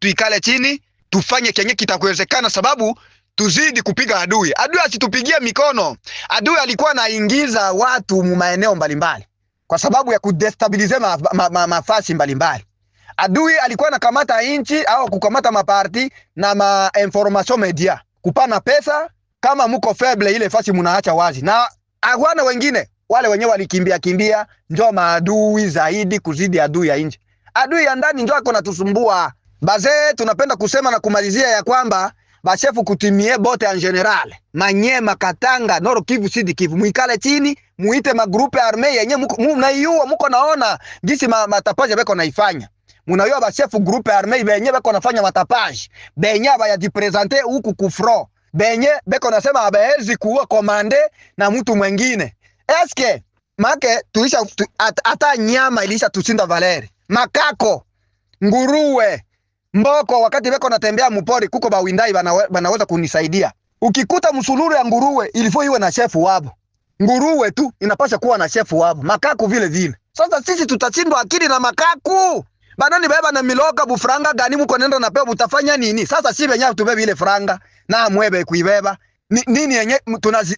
tuikale chini tufanye kenye kitakuwezekana, sababu tuzidi kupiga adui. Adui asitupigie mikono. Adui alikuwa anaingiza watu mu maeneo mbalimbali kwa sababu ya kudestabilize ma, ma, ma, mafasi mbalimbali. Adui alikuwa anakamata inchi au kukamata maparti na ma information media kupana pesa, kama mko feble ile fasi munaacha wazi, na awana wengine wale wenyewe walikimbia kimbia, njo maadui zaidi kuzidi adui ya nje. Adui ya ndani njo ako natusumbua Baze, tunapenda kusema na kumalizia ya kwamba bashefu kutimie bote en general Manyema, Katanga, Noro Kivu, Sidi Kivu, mwikale chini, muite magrupe arme yenye mnaiua. Muko naona jinsi matapaji beko naifanya, munaiua bashefu grupe arme benye beko nafanya matapaji benye bayajipresente huku kufro benye beko nasema abaezi kuua komande na mtu mwingine eske make tuisha hata tu, at, nyama ilisha tushinda Valeri makako nguruwe Mboko wakati beko natembea mupori kuko bawindai banaweza kunisaidia. Ukikuta msululu ya nguruwe ilifo iwe na shefu wabo. Nguruwe tu inapasha kuwa na shefu wabo. Makaku vile vile. Sasa sisi tutashindwa akili na makaku. Banani beba na miloka bufranga gani muko nenda na peo mutafanya nini? Sasa si benye tubebe ile franga na mwebe kuibeba. nini yenye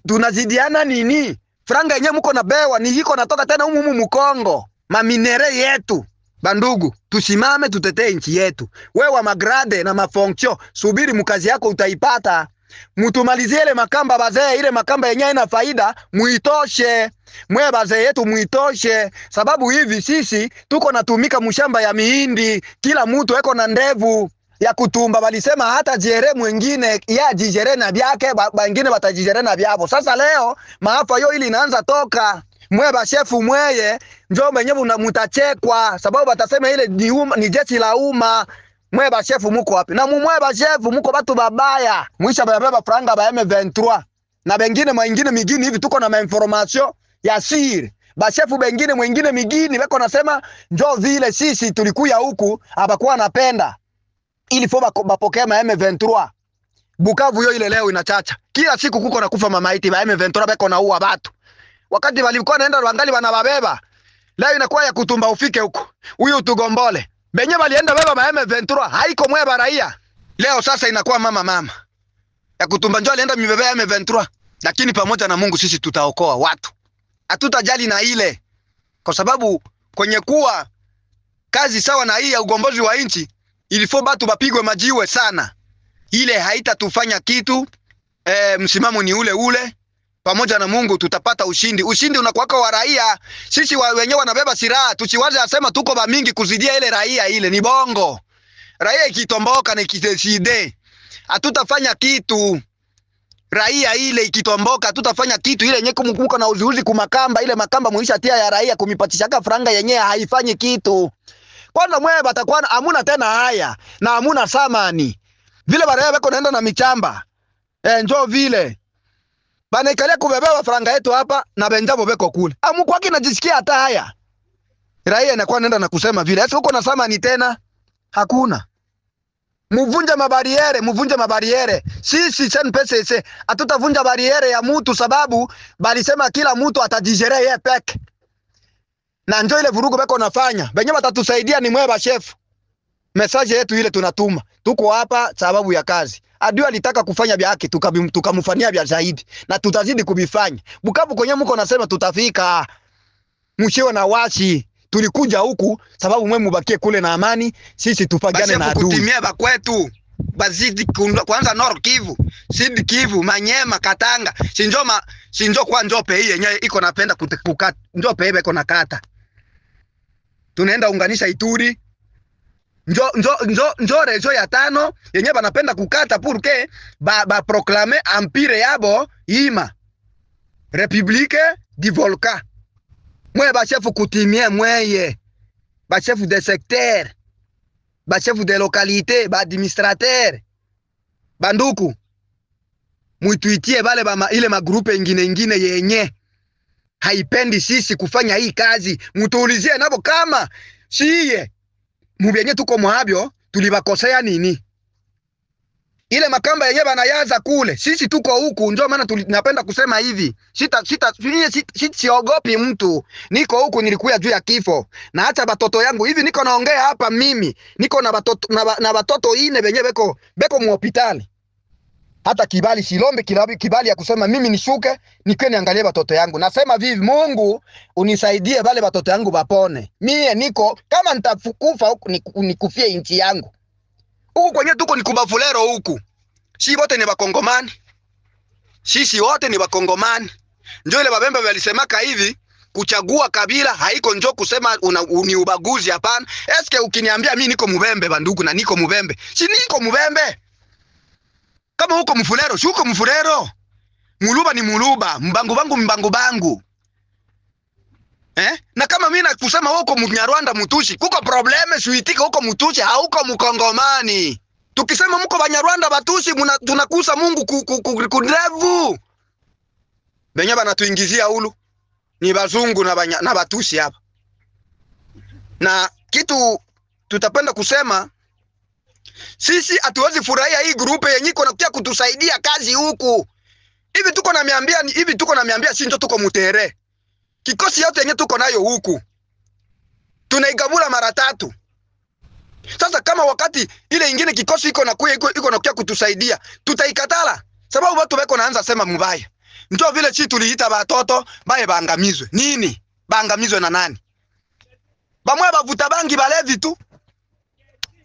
tunazidiana nini? Franga yenye muko na bewa ni hiko natoka tena humu humu Kongo. Maminere yetu. Bandugu, tusimame tutetee nchi yetu. We wa magrade na mafonksio, subiri mukazi yako utaipata. Mutumalizie ile makamba bazee, ile makamba yenye ina faida muitoshe. Mwe bazee yetu muitoshe, sababu hivi sisi tuko natumika mushamba ya mihindi, kila mtu eko na ndevu ya kutumba. Balisema hata jere mwingine ya jijere na byake, wengine ba, batajijere na byabo. Sasa leo maafa yo ili inaanza toka mwe bashefu mweye njo mwenye mutachekwa, sababu batasema ile ni, uma, ni jeshi la umma. Mwe bashefu muko wapi? Na mumwe bashefu muko batu babaya, mwisha bayabeba franga ba M23 na bengine mwingine migini hivi, tuko na mainformasio ya siri bashefu bengine mwingine migini beko nasema njo vile sisi tulikuya huku abakuwa napenda ili fo bapokea ma M23 Bukavu yo ile leo inachacha kila siku kuko nakufa mamaiti ba M23 beko naua batu wakati walikuwa naenda wangali wanawabeba. Leo inakuwa ya kutumba ufike huko. Huyu tugombole. Benye walienda beba maeme Ventura haiko mwe baraia. Leo sasa inakuwa mama mama. Ya kutumba njoo alienda mibebe ya meventura, Lakini pamoja na Mungu sisi tutaokoa watu. Hatutajali na ile. Kwa sababu kwenye kuwa kazi sawa na hii ya ugombozi wa inchi ilifo batu bapigwe majiwe sana. Ile haitatufanya kitu. E, msimamo ni ule ule pamoja na Mungu tutapata ushindi. Ushindi unakuwa wa raia, sisi wa wenyewe wanabeba silaha, tuchiwaze asema tuko ba mingi kuzidia ile raia, ile ni bongo. Raia ikitomboka na ikideside, hatutafanya kitu. Raia ile ikitomboka, hatutafanya kitu. Ile yenyewe kumkumbuka na uziuzi kumakamba, ile makamba mwisha tia ya raia kumipatishaka franga yenyewe haifanyi kitu. Kwanza mwewe batakuwa amuna tena haya na amuna samani vile, baraya beko naenda na michamba eh, njoo vile banaikalia kubebewa faranga yetu hapa na benzabo beko kule. Amukwaki najisikia hata haya. Raia inakuwa nenda na kusema vile. Sasa uko nasema ni tena hakuna. Muvunje mabariere, muvunje mabariere. Sisi sen pesa ise hatutavunja bariere ya mutu sababu balisema kila mutu atajijere ye peke. Na njo ile vurugu beko nafanya. Benye batatusaidia ni mweba bashefu. Message yetu ile tunatuma. Tuko hapa sababu ya kazi adui alitaka kufanya vya haki, tukamfanyia vya zaidi, na tutazidi kubifanya. Bukavu kwenye mko nasema tutafika, mshiwe na washi tulikuja huku sababu mwe mubakie kule na amani, sisi tupagane na adui. Kutimia ba kwetu bazidi kwanza Nord Kivu, Sud Kivu, Manyema, Katanga, sinjo ma, sinjo kwa njope hii yenyewe iko napenda kukata njope hii iko nakata. Tunaenda unganisha Ituri njo njo njo njo rejo ya tano yenye banapenda kukata purke ba, ba proklame empire yabo ima republique di volka mwe bachefu kutimie mweye bachefu de secteur bachefu de localité baadministrateur banduku mwituitie bale bama, ile magrupe ingine ingine yenye haipendi sisi kufanya hii kazi, mutuulizie nabo kama siye mubyenye tuko mwabyo tulibakosea nini? Ile makamba yenye banayaza kule, sisi tuko huku. Ndio maana tunapenda kusema hivi, sita sita siogopi mtu, niko huku, nilikuya juu ya kifo na hata batoto yangu hivi, niko naongea hapa mimi, niko na batoto na, na batoto ine benye beko beko mu hospitali hata kibali silombe kibali, kibali ya kusema mimi nishuke nikwe niangalie watoto yangu. Nasema vivi, Mungu unisaidie, wale watoto yangu wapone. Mie niko kama nitakufa huku nikufie inchi yangu huku kwenye tuko ni kubavulero huku, si wote ni wakongomani. sisi wote ni wakongomani. Ndio ile babembe walisemaka hivi kuchagua kabila haiko njo kusema una, ni ubaguzi. Hapana, eske ukiniambia mi niko mubembe bandugu na niko mubembe, si niko mubembe kama huko Mfulero, shuko Mfulero. Muluba ni muluba, mbangu bangu mbangu bangu. Eh? Na kama mimi nakusema huko Mnyarwanda mutushi, kuko probleme suitika huko mutushi, hauko mkongomani. Tukisema mko Banyarwanda batushi muna, tunakusa Mungu kudrevu Benye banatuingizia ulu ni bazungu na, banya, na batushi hapa. Na kitu tutapenda kusema sisi hatuwezi furahia hii grupe yenye iko nakuja kutusaidia kazi huku. Hivi tuko na miambia, hivi tuko na miambia, si tuko mutere. Kikosi yote yenye tuko nayo huku tunaigabula mara tatu. Sasa kama wakati ile ingine kikosi iko na kuya iko na nakuja kutusaidia, tutaikatala sababu watu wako naanza sema mbaya. Ndio vile sisi tuliita watoto baye baangamizwe. Nini? Baangamizwe na nani? Bamwe bavuta bangi balevi tu.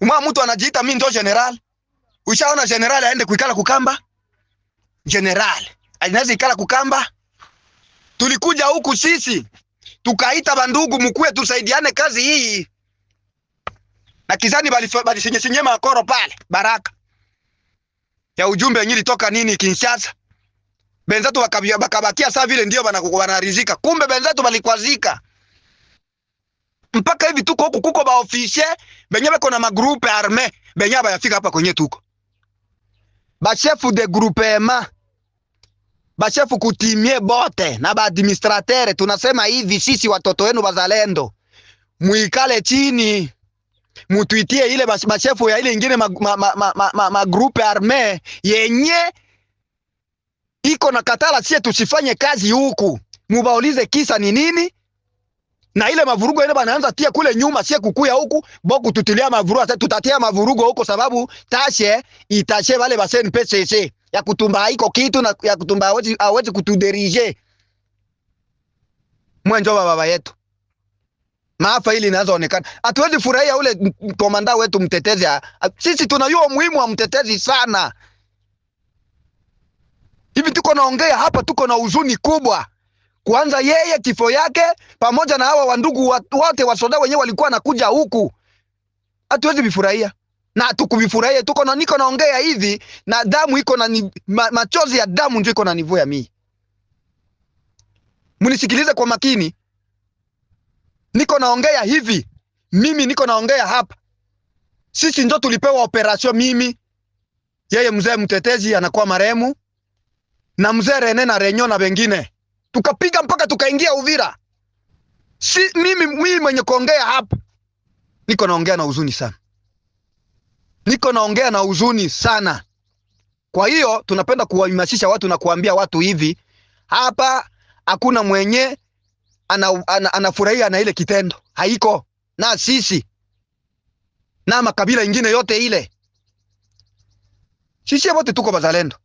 Uma mtu anajiita mimi ndio general. Ushaona general aende kuikala kukamba? General anaweza ikala kukamba? Tulikuja huku sisi tukaita bandugu, mkuwe tusaidiane kazi hii na kizani balisinyesinye makoro pale baraka ya ujumbe yenyewe ilitoka nini Kinshasa. Benzetu wakabakia saa vile ndio wanarizika. kumbe benzatu walikwazika mpaka hivi tuko huku, kuko baofishe benye beko na magrupe arme benye bayafika hapa kwenye tuko ba bashefu de ma ba bashefu kutimie bote na ba baadministratere, tunasema hivi sisi watoto wenu bazalendo, muikale chini mutwitie ile bashefu ya ile ingine magrupe ma, ma, ma, ma, ma arme yenye iko na katala, sie tusifanye kazi huku, mubaulize kisa ni nini? na ile mavurugo ile banaanza tia kule nyuma, sie kukuya huku boku tutilia mavurugo, tutatia mavurugo huko sababu tashe itashe wale ba sen PCC ya kutumba haiko kitu na ya kutumba hawezi hawezi kutuderije mwanjo wa baba yetu. Maafa hili inazoonekana, hatuwezi furahia ule komanda wetu mtetezi. Ah, ah, sisi tunayua umuhimu wa mtetezi sana. Hivi tuko naongea hapa, tuko na huzuni kubwa kwanza yeye kifo yake pamoja na hawa wandugu wote wasoda wenyewe walikuwa nakuja huku, hatuwezi vifurahia na tukuvifurahia. Tuko na niko naongea hivi na damu iko na ni, ma, machozi ya damu ndio iko na nivu ya mii. Mnisikilize kwa makini, niko naongea hivi mimi, niko naongea hapa. Sisi ndio tulipewa operation, mimi yeye mzee mtetezi anakuwa marehemu na mzee Rene na Renyo na wengine tukapiga mpaka tukaingia Uvira. Si mimi, mimi mwenye kuongea hapa niko naongea na huzuni sana, niko naongea na huzuni sana. Kwa hiyo tunapenda kuwahamasisha watu na kuambia watu hivi, hapa hakuna mwenye anafurahia ana, ana, ana, na ile kitendo haiko, na sisi na makabila ingine yote ile, sisi wote tuko bazalendo.